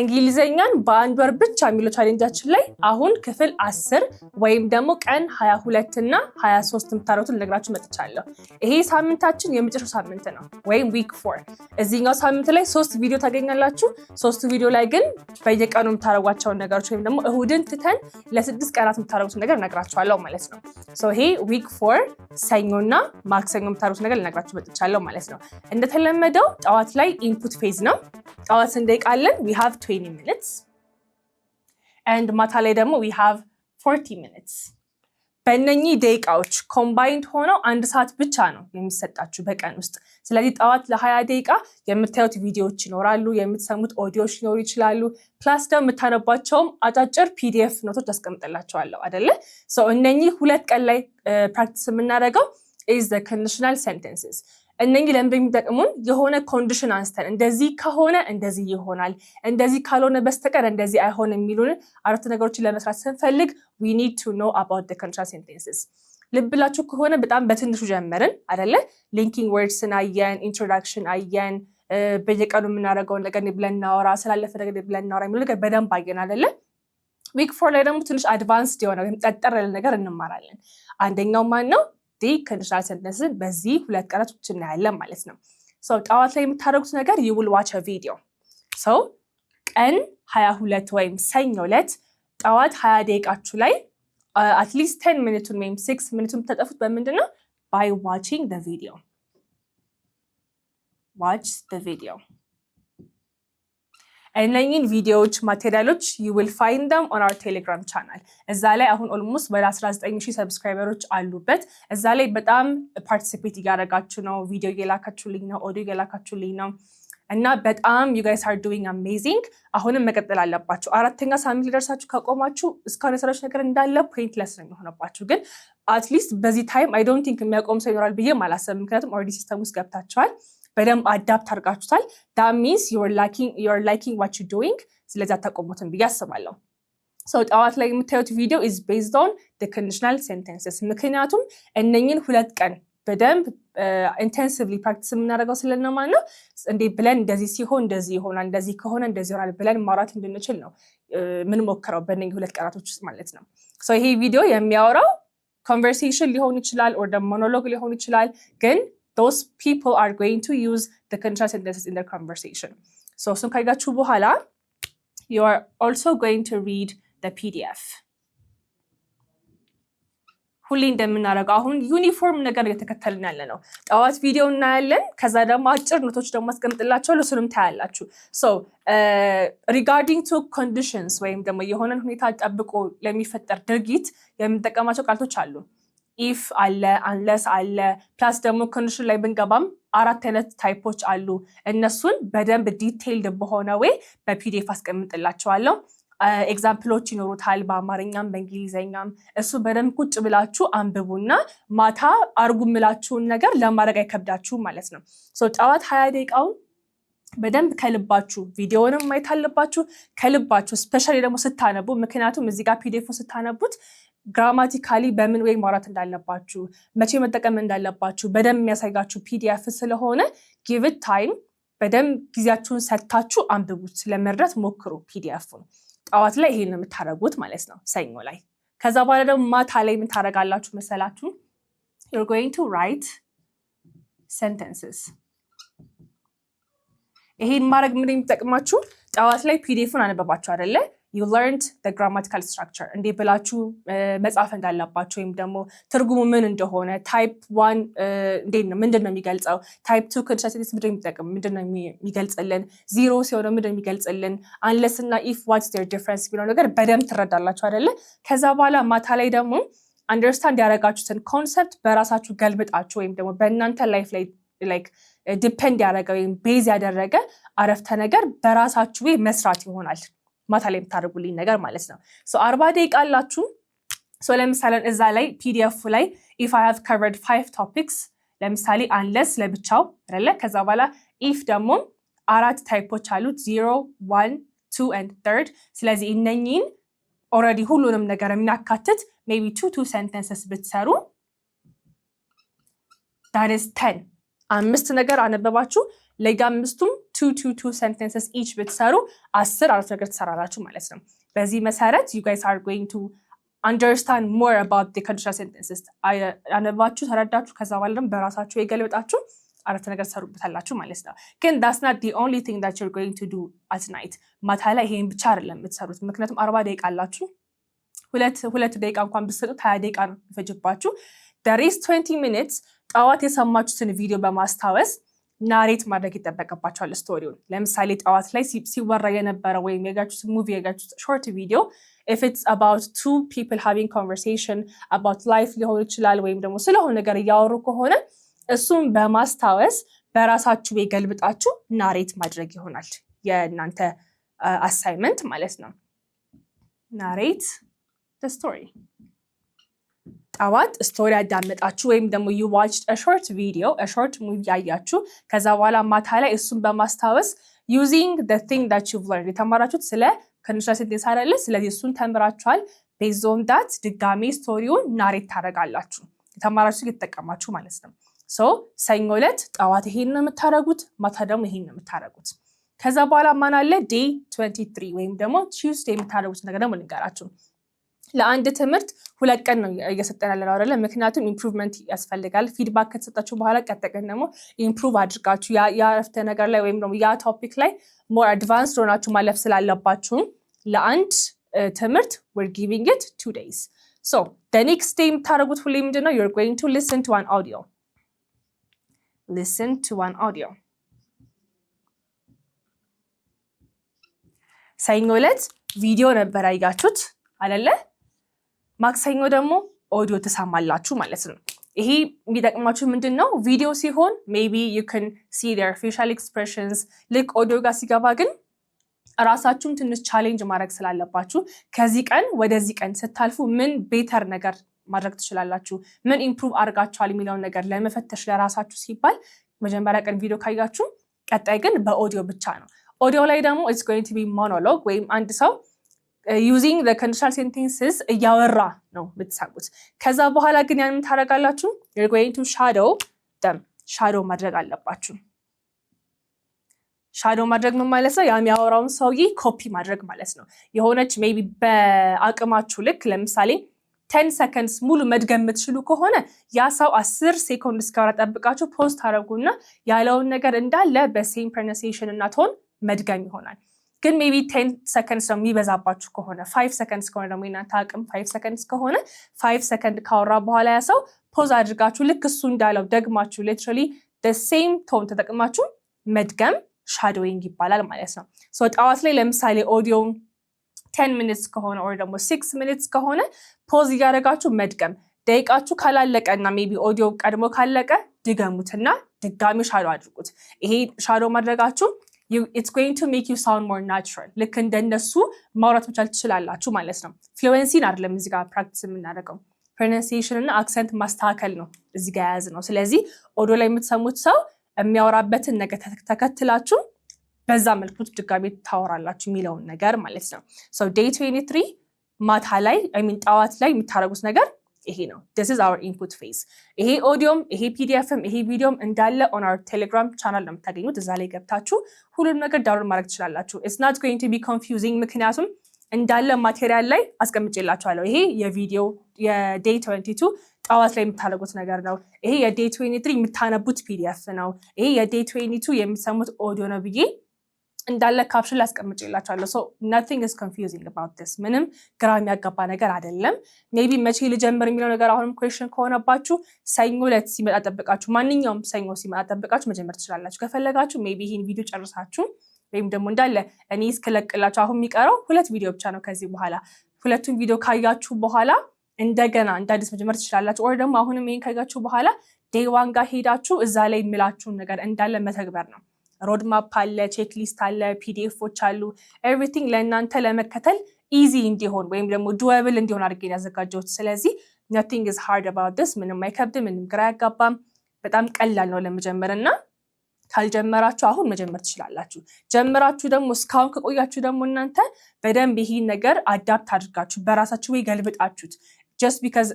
እንግሊዘኛን በአንድ ወር ብቻ የሚለው ቻሌንጃችን ላይ አሁን ክፍል አስር ወይም ደግሞ ቀን 22 እና 23 የምታረቱን ልነግራችሁ መጥቻለሁ። ይሄ ሳምንታችን የመጨረሻው ሳምንት ነው ወይም ዊክ ፎር። እዚህኛው ሳምንት ላይ ሶስት ቪዲዮ ታገኛላችሁ። ሶስቱ ቪዲዮ ላይ ግን በየቀኑ የምታደረጓቸውን ነገሮች ወይም ደግሞ እሁድን ትተን ለስድስት ቀናት የምታደረጉት ነገር እነግራችኋለሁ ማለት ነው። ይሄ ዊክ ፎር ሰኞና ማክሰኞ የምታደረጉት ነገር ልነግራችሁ መጥቻለሁ ማለት ነው። እንደተለመደው ጠዋት ላይ ኢንፑት ፌዝ ነው። ጠዋት ስንደቂቃለን ሃቭ ትዌንቲ ሚኒትስ ኤንድ ማታ ላይ ደግሞ ዊ ሃቭ ፎርቲ ሚኒትስ። በእነኚህ ደቂቃዎች ኮምባይንድ ሆነው አንድ ሰዓት ብቻ ነው የሚሰጣችሁ በቀን ውስጥ። ስለዚህ ጠዋት ለሀያ ደቂቃ የምታዩት ቪዲዮዎች ይኖራሉ፣ የምትሰሙት ኦዲዮዎች ሊኖሩ ይችላሉ። ፕላስ ደግሞ የምታነቧቸውም አጫጭር ፒዲኤፍ ኖቶች አስቀምጠላቸዋለሁ አደለ? እነኚህ ሁለት ቀን ላይ ፕራክቲስ የምናደርገው ኢዝ ዘ ኮንዲሽናል ሴንተንስስ እነኚህ ለምን የሚጠቅሙን የሆነ ኮንዲሽን አንስተን እንደዚህ ከሆነ እንደዚህ ይሆናል፣ እንደዚህ ካልሆነ በስተቀር እንደዚህ አይሆን የሚሉን አረፍተ ነገሮችን ለመስራት ስንፈልግ ዊ ኒድ ቱ ኖው አባውት ዘ ኮንትራ ሴንቴንስስ። ልብላችሁ ከሆነ በጣም በትንሹ ጀመርን አደለ? ሊንኪንግ ወርድስን አየን፣ ኢንትሮዳክሽን አየን፣ በየቀኑ የምናደርገውን ነገር ብለን እናወራ፣ ስላለፈ ነገር ብለን እናወራ የሚሉ ነገር በደንብ አየን አደለ? ዊክ ፎር ላይ ደግሞ ትንሽ አድቫንስድ የሆነ ወይም ጠጠር ያለ ነገር እንማራለን። አንደኛው ማን ነው ዴይ ኮንዲሽናል ሴንተንስን በዚህ ሁለት ቀናቶች እናያለን ማለት ነው። ሰው ጠዋት ላይ የምታደርጉት ነገር ይውል ዋች ቪዲዮ ሰው ቀን ሀያ ሁለት ወይም ሰኞ ዕለት ጠዋት ሀያ ደቂቃችሁ ላይ አትሊስት ቴን ሚኒቱን ወይም ሲክስ ሚኒቱን የምታጠፉት በምንድን ነው? ባይ ዋቺንግ ቪዲዮ ዋች ቪዲዮ እነኝን ቪዲዮዎች፣ ማቴሪያሎች ዩ ዊል ፋይንድ ደም ኦን አር ቴሌግራም ቻናል። እዛ ላይ አሁን ኦልሞስት ወደ 19 ሺህ ሰብስክራይበሮች አሉበት። እዛ ላይ በጣም ፓርቲሲፔት እያደረጋችሁ ነው። ቪዲዮ እየላካችሁልኝ ነው። ኦዲዮ እየላካችሁልኝ ነው እና በጣም ዩ ጋይስ አር ዱዊንግ አሜዚንግ። አሁንም መቀጠል አለባችሁ። አራተኛ ሳምንት ሊደርሳችሁ ከቆማችሁ እስካሁን የሰራች ነገር እንዳለ ፖይንትለስ ነው የሚሆነባችሁ። ግን አትሊስት በዚህ ታይም አይ ዶንት ቲንክ የሚያቆም ሰው ይኖራል ብዬ አላሰብም። ምክንያቱም ኦልሬዲ ሲስተም ውስጥ ገብታችኋል። በደንብ አዳፕት አድርጋችሁታል። ዳሚንስ ዩር ላይኪንግ ዋት ዩ ዶይንግ። ስለዚህ አታቆሙትም ብዬ አስባለሁ። ሰው ጠዋት ላይ የምታዩት ቪዲዮ ኢዝ ቤዝድ ኦን ኮንዲሽናል ሴንተንስስ። ምክንያቱም እነኝን ሁለት ቀን በደንብ ኢንቴንሲቭሊ ፕራክቲስ የምናደርገው ስለነማን ነው እንዴ ብለን እንደዚህ ሲሆን እንደዚህ ይሆናል፣ እንደዚህ ከሆነ እንደዚህ ይሆናል ብለን ማውራት እንድንችል ነው የምንሞክረው በእነ ሁለት ቀናቶች ውስጥ ማለት ነው። ይሄ ቪዲዮ የሚያወራው ኮንቨርሴሽን ሊሆን ይችላል፣ ኦር ሞኖሎግ ሊሆን ይችላል ግን those people are going to use the conjunction sentences in their conversation. So sun kargachu bohala, you are also going to read the PDF. ሁሌ እንደምናደርገው አሁን ዩኒፎርም ነገር እየተከተልን ያለ ነው። ጠዋት ቪዲዮ እናያለን፣ ከዛ ደግሞ አጭር ኖቶች ደግሞ አስቀምጥላቸዋለሁ፣ እሱንም ታያላችሁ። ሶ ሪጋርዲንግ ቱ ኮንዲሽንስ ወይም ደግሞ የሆነን ሁኔታ ጠብቆ ለሚፈጠር ድርጊት የምንጠቀማቸው ቃልቶች አሉ። ኢፍ አለ፣ አንለስ አለ። ፕላስ ደግሞ ኮንዲሽን ላይ ብንገባም አራት አይነት ታይፖች አሉ። እነሱን በደንብ ዲቴይልድ በሆነ ወይ በፒዲኤፍ አስቀምጥላቸዋለሁ። ኤግዛምፕሎች ይኖሩታል በአማርኛም በእንግሊዘኛም እሱ በደንብ ቁጭ ብላችሁ አንብቡና ማታ አርጉ ምላችሁን ነገር ለማድረግ አይከብዳችሁ ማለት ነው። ጠዋት ሀያ ደቂቃውን በደንብ ከልባችሁ ቪዲዮንም ማየት አለባችሁ ከልባችሁ፣ ስፔሻሊ ደግሞ ስታነቡ። ምክንያቱም እዚህ ጋር ስታነቡት ግራማቲካሊ በምን ወይ ማውራት እንዳለባችሁ መቼ መጠቀም እንዳለባችሁ በደንብ የሚያሳይጋችሁ ፒዲኤፍ ስለሆነ ጊቭት ታይም በደንብ ጊዜያችሁን ሰጥታችሁ አንብቡት። ለመርዳት ሞክሩ። ፒዲኤፉን ጠዋት ላይ ይሄን የምታደርጉት ማለት ነው፣ ሰኞ ላይ። ከዛ በኋላ ደግሞ ማታ ላይ የምታደርጋላችሁ መሰላችሁ? you're going ቱ write sentences ይሄን ማድረግ ምን የሚጠቅማችሁ ጠዋት ላይ ፒዲኤፉን አነበባችሁ አደለ? ዩ ለርንድ ግራማቲካል ስትራክቸር እንዴ ብላችሁ መጻፍ እንዳለባችሁ ወይም ደግሞ ትርጉሙ ምን እንደሆነ ታይፕ ዋን እንዴት ነው ምንድን ነው የሚገልጸው፣ ታይፕ ቱ ከድሻሴቴስ ምድ የሚጠቅም ምንድን ነው የሚገልጽልን፣ ዚሮ ሲሆነ ምንድን ነው የሚገልጽልን፣ አንለስ እና ኢፍ ዋትስ ዴር ዲፍረንስ የሚለው ነገር በደንብ ትረዳላችሁ አይደለ? ከዛ በኋላ ማታ ላይ ደግሞ አንደርስታንድ ያደረጋችሁትን ኮንሰፕት በራሳችሁ ገልብጣችሁ ወይም ደግሞ በእናንተ ላይፍ ላይ ላይክ ዲፔንድ ያደረገ ወይም ቤዝ ያደረገ አረፍተ ነገር በራሳችሁ መስራት ይሆናል። ማታ ላይ የምታደርጉልኝ ነገር ማለት ነው። አርባ ደቂቃ አላችሁ። ለምሳሌ እዛ ላይ ፒዲኤፍ ላይ ኢፍ አይ ሃቭ ከቨርድ ፋይቭ ቶፒክስ ለምሳሌ አንለስ ለብቻው አይደለ። ከዛ በኋላ ኢፍ ደግሞ አራት ታይፖች አሉት ዚሮ፣ ዋን፣ ቱ ኤንድ ተርድ። ስለዚህ እነኚህን ኦልሬዲ ሁሉንም ነገር የሚያካትት ሜይ ቢ ቱ ቱ ሴንተንስስ ብትሰሩ ዳት ኢዝ አምስት ነገር አነበባችሁ አምስቱም ቱ ቱ ቱ ሰንተንሰስ ኢች ብትሰሩ አስር አረፍተ ነገር ትሰራላችሁ ማለት ነው። በዚህ መሰረት ዩ ጋይስ አር ጎይንግ ቱ አንደርስታንድ ሞር አባውት ኮንዲሽናል ሴንተንስስ አነባችሁ፣ ተረዳችሁ። ከዛ በኋላ ደግሞ በራሳችሁ የገለበጣችሁ አረፍተ ነገር ትሰሩበታላችሁ ማለት ነው። ግን ዳስ ናት ዲ ኦንሊ ቲንግ ዳት ዩር ጎይንግ ቱ ዱ አት ናይት። ማታ ላይ ይሄን ብቻ አይደለም የምትሰሩት፣ ምክንያቱም አርባ ደቂቃ አላችሁ። ሁለት ሁለት ደቂቃ እንኳን ብትሰጡት ሀያ ደቂቃ ነው የሚፈጅባችሁ። ደሪስ ትዌንቲ ሚኒትስ ጠዋት የሰማችሁትን ቪዲዮ በማስታወስ ናሬት ማድረግ ይጠበቅባቸዋል ስቶሪውን። ለምሳሌ ጠዋት ላይ ሲወራ የነበረ ወይም የጋችሁት ሙቪ የጋችሁት ሾርት ቪዲዮ ኢፍ ኢትስ አባውት ቱ ፒፕል ሃቪንግ ኮንቨርሴሽን አባውት ላይፍ ሊሆን ይችላል፣ ወይም ደግሞ ስለሆነ ነገር እያወሩ ከሆነ እሱን በማስታወስ በራሳችሁ የገልብጣችሁ ናሬት ማድረግ ይሆናል የእናንተ አሳይመንት uh, ማለት ነው። ናሬት ስቶሪ ጠዋት ስቶሪ ያዳመጣችሁ ወይም ደግሞ ዩ ዋችድ ሾርት ቪዲዮ ሾርት ሙቪ ያያችሁ ከዛ በኋላ ማታ ላይ እሱን በማስታወስ ዩዚንግ ቲንግ ዳት ዩቭ ለርንድ የተማራችሁት ስለ ከንሻ ሴንቴንስ አይደለ? ስለዚህ እሱን ተምራችኋል። ቤዝ ኦን ዳት ድጋሜ ስቶሪውን ናሬት ታደርጋላችሁ። የተማራችሁ እየተጠቀማችሁ ማለት ነው። ሶ ሰኞ ዕለት ጠዋት ይሄን ነው የምታደርጉት፣ ማታ ደግሞ ይሄን ነው የምታደርጉት። ከዛ በኋላ ማን አለ ዴይ 23 ወይም ደግሞ ቲውስዴይ የምታደርጉት ነገር ደግሞ ልንገራችሁ ለአንድ ትምህርት ሁለት ቀን ነው እየሰጠን ያለ ነው አይደለ? ምክንያቱም ኢምፕሩቭመንት ያስፈልጋል። ፊድባክ ከተሰጣችሁ በኋላ ቀጠቀን ደግሞ ኢምፕሩቭ አድርጋችሁ ያረፍተ ነገር ላይ ወይም ደግሞ ያ ቶፒክ ላይ ሞር አድቫንስድ ሆናችሁ ማለፍ ስላለባችሁም ለአንድ ትምህርት ወር ጊቪንግ ኢት ቱ ዴይዝ ሶ ኔክስት ዴይ የምታደርጉት ሁሌ ምንድን ነው ዩር ጎይንግ ቱ ሊስን ቱ ዋን አውዲዮ ሊስን ቱ ዋን አውዲዮ ሰኞ ዕለት ቪዲዮ ነበር ያያችሁት አለለ ማክሰኞ ደግሞ ኦዲዮ ትሰማላችሁ ማለት ነው። ይሄ የሚጠቅማችሁ ምንድን ነው? ቪዲዮ ሲሆን ሜቢ ዩ ከን ሲ ፌሻል ኤክስፕሬሽንስ ልክ ኦዲዮ ጋር ሲገባ ግን እራሳችሁም ትንሽ ቻሌንጅ ማድረግ ስላለባችሁ ከዚህ ቀን ወደዚህ ቀን ስታልፉ ምን ቤተር ነገር ማድረግ ትችላላችሁ፣ ምን ኢምፕሩቭ አድርጋችኋል የሚለውን ነገር ለመፈተሽ ለራሳችሁ ሲባል መጀመሪያ ቀን ቪዲዮ ካያችሁ፣ ቀጣይ ግን በኦዲዮ ብቻ ነው። ኦዲዮ ላይ ደግሞ ኢትስ ጎይንግ ቱ ቢ ሞኖሎግ ወይም አንድ ሰው ዩዚንግ ለኮንዲሽናል ሴንቴንስስ እያወራ ነው የምትሰሙት። ከዛ በኋላ ግን ያንን ታደርጋላችሁ ዩር ጎይንግ ቱ ሻዶው ደም ሻዶው ማድረግ አለባችሁ። ሻዶው ማድረግ ምን ማለት ነው? ያም ያወራውን ሰውዬ ኮፒ ማድረግ ማለት ነው። የሆነች ሜይ ቢ በአቅማችሁ ልክ ለምሳሌ ቴን ሰከንድስ ሙሉ መድገም የምትችሉ ከሆነ ያ ሰው አስር ሴኮንድ እስኪያወራ ጠብቃችሁ ፖስት አደረጉና ያለውን ነገር እንዳለ በሴም ፕሮናንሴሽን እና ቶን መድገም ይሆናል። ግን ሜቢ ቴን ሰከንድስ ነው የሚበዛባችሁ ከሆነ ፋይቭ ሰከንድስ ከሆነ ደግሞ የእናንተ አቅም ፋይቭ ሰከንድስ ከሆነ ፋይቭ ሰከንድ ካወራ በኋላ ያ ሰው ፖዝ አድርጋችሁ ልክ እሱ እንዳለው ደግማችሁ ሊትራሊ ሴም ቶን ተጠቅማችሁ መድገም ሻዶዊንግ ይባላል ማለት ነው። ጠዋት ላይ ለምሳሌ ኦዲዮ ቴን ሚኒትስ ከሆነ ወይ ደግሞ ሲክስ ሚኒትስ ከሆነ ፖዝ እያደረጋችሁ መድገም ደቂቃችሁ ካላለቀ እና ሜይ ቢ ኦዲዮ ቀድሞ ካለቀ ድገሙትና ድጋሚ ሻዶ አድርጉት። ይሄ ሻዶ ማድረጋችሁ ኢትስ ጎይንግ ቱ ሜክ ዩ ሳውንድ ሞር ናቹራል። ልክ እንደነሱ ማውራት መቻል ትችላላችሁ ማለት ነው። ፍሉዌንሲን አይደለም እዚህ ፕራክቲስ የምናደርገው ፕሮናንሲዬሽን እና አክሰንት ማስተካከል ነው እዚህ የያዝ ነው። ስለዚህ ኦዲዮ ላይ የምትሰሙት ሰው የሚያወራበትን ነገር ተከትላችሁ በዛ መልኩ ድጋሜ ታወራላችሁ የሚለውን ነገር ማለት ነው። ዴይ ትዌንቲ ትሪ ማታ ላይ ሚን ጠዋት ላይ የምታደርጉት ነገር ይሄ ነው ዚስ አወር ኢንፑት ፌዝ። ይሄ ኦዲዮም ይሄ ፒዲኤፍም ይሄ ቪዲዮም እንዳለ ኦን አወር ቴሌግራም ቻናል ነው የምታገኙት። እዛ ላይ ገብታችሁ ሁሉንም ነገር ዳውንሎድ ማድረግ ትችላላችሁ። ኢትስ ናት ጎይንግ ቱ ቢ ኮንፊውዚንግ ምክንያቱም እንዳለ ማቴሪያል ላይ አስቀምጬላችኋለሁ። ይሄ የቪዲዮ የዴይ 22 ጠዋት ላይ የምታደርጉት ነገር ነው። ይሄ የዴይ 23 የምታነቡት ፒዲኤፍ ነው። ይሄ የዴይ 22 የምትሰሙት ኦዲዮ ነው ብዬ እንዳለ ካፕሽን ላስቀምጬላችኋለሁ። ሶ ነቲንግ ኢዝ ኮንፊውዚንግ አባውት ዲስ ምንም ግራ የሚያጋባ ነገር አይደለም። ሜይ ቢ መቼ ልጀምር የሚለው ነገር አሁንም ኩዌሽን ከሆነባችሁ ሰኞ ዕለት ሲመጣ ጠብቃችሁ፣ ማንኛውም ሰኞ ሲመጣ ጠብቃችሁ መጀመር ትችላላችሁ። ከፈለጋችሁ ሜይ ቢ ይህን ቪዲዮ ጨርሳችሁ ወይም ደግሞ እንዳለ እኔ እስክለቅላችሁ አሁን የሚቀረው ሁለት ቪዲዮ ብቻ ነው። ከዚህ በኋላ ሁለቱን ቪዲዮ ካያችሁ በኋላ እንደገና እንደ አዲስ መጀመር ትችላላችሁ። ኦር ደግሞ አሁንም ይህን ካያችሁ በኋላ ዴይ ዋን ጋር ሄዳችሁ እዛ ላይ የምላችሁን ነገር እንዳለ መተግበር ነው። ሮድማፕ አለ፣ ቼክሊስት አለ፣ ፒዲኤፎች አሉ። ኤቭሪቲንግ ለእናንተ ለመከተል ኢዚ እንዲሆን ወይም ደግሞ ዱዌብል እንዲሆን አድርጌ ያዘጋጀሁት። ስለዚህ ነቲንግ ኢዝ ሃርድ አባውት ዲስ፣ ምንም አይከብድም፣ ምንም ግራ አያጋባም። በጣም ቀላል ነው ለመጀመር እና ካልጀመራችሁ አሁን መጀመር ትችላላችሁ። ጀምራችሁ ደግሞ እስካሁን ከቆያችሁ ደግሞ እናንተ በደንብ ይህን ነገር አዳፕት አድርጋችሁ በራሳችሁ ወይ ገልብጣችሁት ጀስት ቢካዝ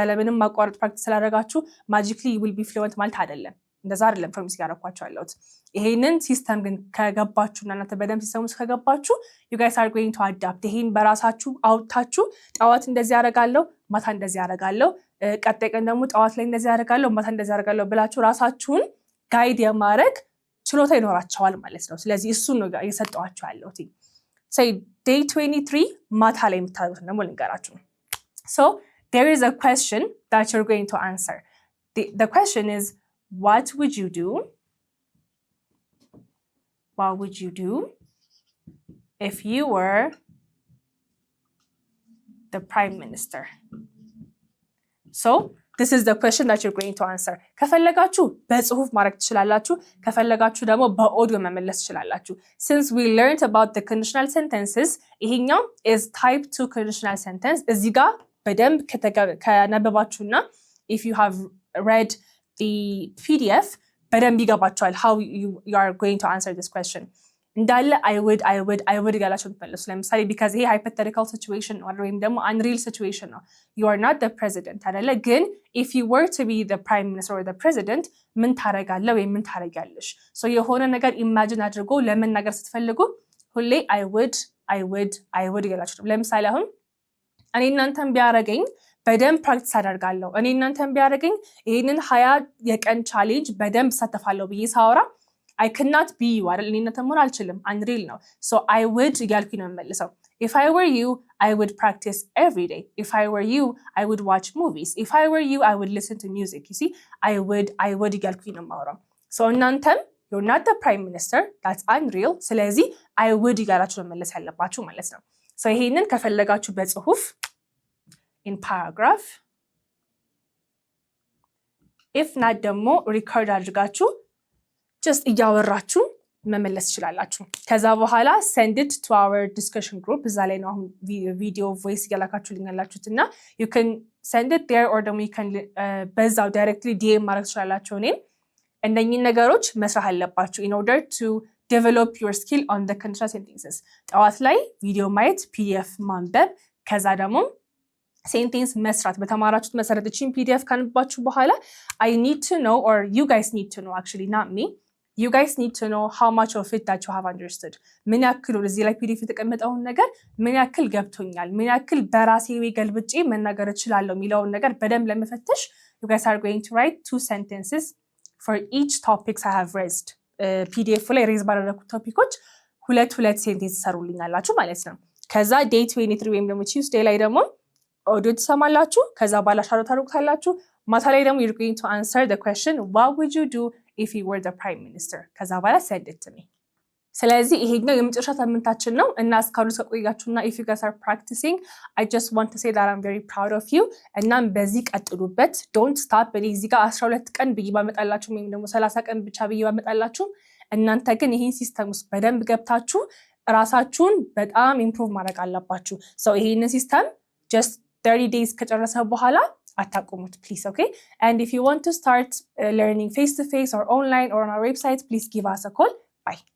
ያለምንም ማቋረጥ ፕራክቲስ ስላደረጋችሁ ማጂክሊ ዊል ቢ ፍሉዌንት ማለት አይደለም። እንደዛ አይደለም ፕሮሚስ ያደረኳቸው ያለሁት። ይሄንን ሲስተም ግን ከገባችሁ እና እናንተ በደንብ ሲስተም ውስጥ ከገባችሁ ዩጋይስ አር ጎይንግ ቱ አዳፕት። ይሄን በራሳችሁ አውጥታችሁ ጠዋት እንደዚህ ያደርጋለሁ፣ ማታ እንደዚህ ያደርጋለሁ፣ ቀጣይ ቀን ደግሞ ጠዋት ላይ እንደዚህ ያደርጋለሁ፣ ማታ እንደዚህ ያደርጋለሁ ብላችሁ ራሳችሁን ጋይድ የማድረግ ችሎታ ይኖራቸዋል ማለት ነው። ስለዚህ እሱን ነው እየሰጠኋቸው ያለሁት። ዴይ ትዌንቲ ትሪ ማታ ላይ የምታደርጉትን ደግሞ ልንገራችሁ። ሶ ዜር ኢዝ አ ኩዌስችን ዛት ዩ አር ጎይንግ ቱ አንሰር። ዘ ኩዌስችን ኢዝ What would you do? What would you do if you were the prime minister? So this is the question that you're going to answer. ከፈለጋችሁ በጽሁፍ ማድረግ ትችላላችሁ። ከፈለጋችሁ ደግሞ በኦዲዮ መመለስ ትችላላችሁ። Since we learned about the conditional sentences, ይሄኛው is type 2 conditional sentence። እዚህ ጋር በደንብ ከነበባችሁና if you have read the PDF, better بيقاباتشوال how you, you are going to answer this question. እንዳለ አይ ውድ አይ ውድ አይ ውድ ያላቸው ብትመለሱ ለምሳሌ ቢካዝ ይሄ ሃይፖቴቲካል ሲቹዌሽን ነው ወይም ደግሞ አንሪል ሲቹዌሽን ነው ዩ አር ናት ፕሬዚደንት አደለ ግን ኢፍ ዩ ወር ቱ ቢ ፕራይም ሚኒስትር ወር ፕሬዚደንት ምን ታረጋለ ወይም ምን ታረጊያለሽ የሆነ ነገር ኢማጂን አድርጎ ለመናገር ስትፈልጉ ሁሌ አይ ውድ አይ ውድ አይ ውድ ያላቸው ለምሳሌ አሁን እኔ እናንተን ቢያረገኝ በደንብ ፕራክቲስ አደርጋለሁ። እኔ እናንተን ቢያደርገኝ ይህንን ሀያ የቀን ቻሌንጅ በደንብ እሳተፋለሁ ብዬ ሳወራ አይ ክናት ቢ ዩ አይደል? እኔ እናንተ መሆን አልችልም። አንሪል ነው። ሶ አይ ውድ እያልኩኝ ነው የምመልሰው። ኢፍ አይ ወር ዩ አይ ውድ ፕራክቲስ ኤቭሪ ዴይ። ኢፍ አይ ወር ዩ አይ ውድ ዋች ሙቪስ። ኢፍ አይ ወር ዩ አይ ውድ ሊስን ቱ ሚውዚክ ዩ ሲ አይ ውድ አይ ውድ እያልኩኝ ነው የማወራው። ሶ እናንተም ዩር ናት ፕራይም ሚኒስተር ዳትስ አንሪል። ስለዚህ አይ ውድ እያላችሁ መመለስ ያለባችሁ ማለት ነው። ሶ ይሄንን ከፈለጋችሁ በጽሁፍ ኢንፓራግራፍ ኢፍ ናት ደግሞ ሪከርድ አድርጋችሁ ጀስት እያወራችሁ መመለስ ትችላላችሁ። ከዛ በኋላ ሰንድድ ቱ አወር ዲስከሽን ግሩፕ እዛ ላይ ነው አሁን ቪዲዮ ቮይስ እያላካችሁ ልኛላችሁት እና ዩን ሰንድድ ር ኦር ደግሞ uh, በዛው ዳይሬክትሊ ዲኤም ማድረግ ትችላላችሁ። እኔም እነኚህን ነገሮች መስራት አለባችሁ ኢን ኦርደር ቱ ዴቨሎፕ ዩር ስኪል ኦን ኮንትራ ሴንቴንስስ ጠዋት ላይ ቪዲዮ ማየት፣ ፒዲኤፍ ማንበብ ከዛ ደግሞ ሴንቴንስ መስራት በተማራችሁት መሰረት እቺን ፒዲኤፍ ካንባችሁ በኋላ አይ ኒድ ቱ ኖ ኦር ዩ ጋይስ ኒድ ቱ ኖ አክቹዋሊ ናት ሚ ዩ ጋይስ ኒድ ቱ ኖ ሃው ማች ኦፍ ኢት ዳት ዩ ሃቭ አንደርስቱድ ምን ያክል እዚህ ላይ ፒዲኤፍ የተቀመጠውን ነገር ምን ያክል ገብቶኛል፣ ምን ያክል በራሴ ወይ ገልብጬ መናገር እችላለሁ የሚለውን ነገር በደንብ ለመፈተሽ ዩ ጋይስ አር ጎይንግ ቱ ራይት ቱ ሴንቴንስስ ፎር ኢች ቶፒክስ አይ ሃቭ ሬዝድ ፒዲኤፍ ላይ ሬዝ ባደረኩት ቶፒኮች ሁለት ሁለት ሴንቴንስ ትሰሩልኛላችሁ ማለት ነው። ከዛ ዴት ቱ ኔትሪ ወይም ደግሞ ቲውስዴይ ላይ ደግሞ ኦዲዮ ትሰማላችሁ። ከዛ በኋላ ሻዶ ታደርጉታላችሁ። ማታ ላይ ደግሞ ዩር ጎይንግ ቱ አንሰር ደ ኩዌስችን ዋት ውድ ዩ ዱ ኢፍ ዩ ወር ደ ፕራይም ሚኒስትር። ከዛ በኋላ ሰድት ሚ ስለዚህ ይሄኛው የመጨረሻ ሳምንታችን ነው እና እስካሁን ከቆያችሁና ኢፍ ዩ ጋይስ አር ፕራክቲሲንግ አይ ጀስት ዋንት ቱ ሴ ዳት አም ቬሪ ፕራውድ ኦፍ ዩ። እናም በዚህ ቀጥሉበት፣ ዶንት ስታፕ። እኔ እዚህ ጋር አስራ ሁለት ቀን ብዬ ባመጣላችሁም ወይም ደግሞ ሰላሳ ቀን ብቻ ብዬ ባመጣላችሁም እናንተ ግን ይህን ሲስተም ውስጥ በደንብ ገብታችሁ እራሳችሁን በጣም ኢምፕሩቭ ማድረግ አለባችሁ። ሰው ይሄንን ሲስተም ጀስት 30 days ከጨረሰው bohala. Atakumut, please, okay. and if you want to start uh, learning face to face or online or on our website please give us a call bye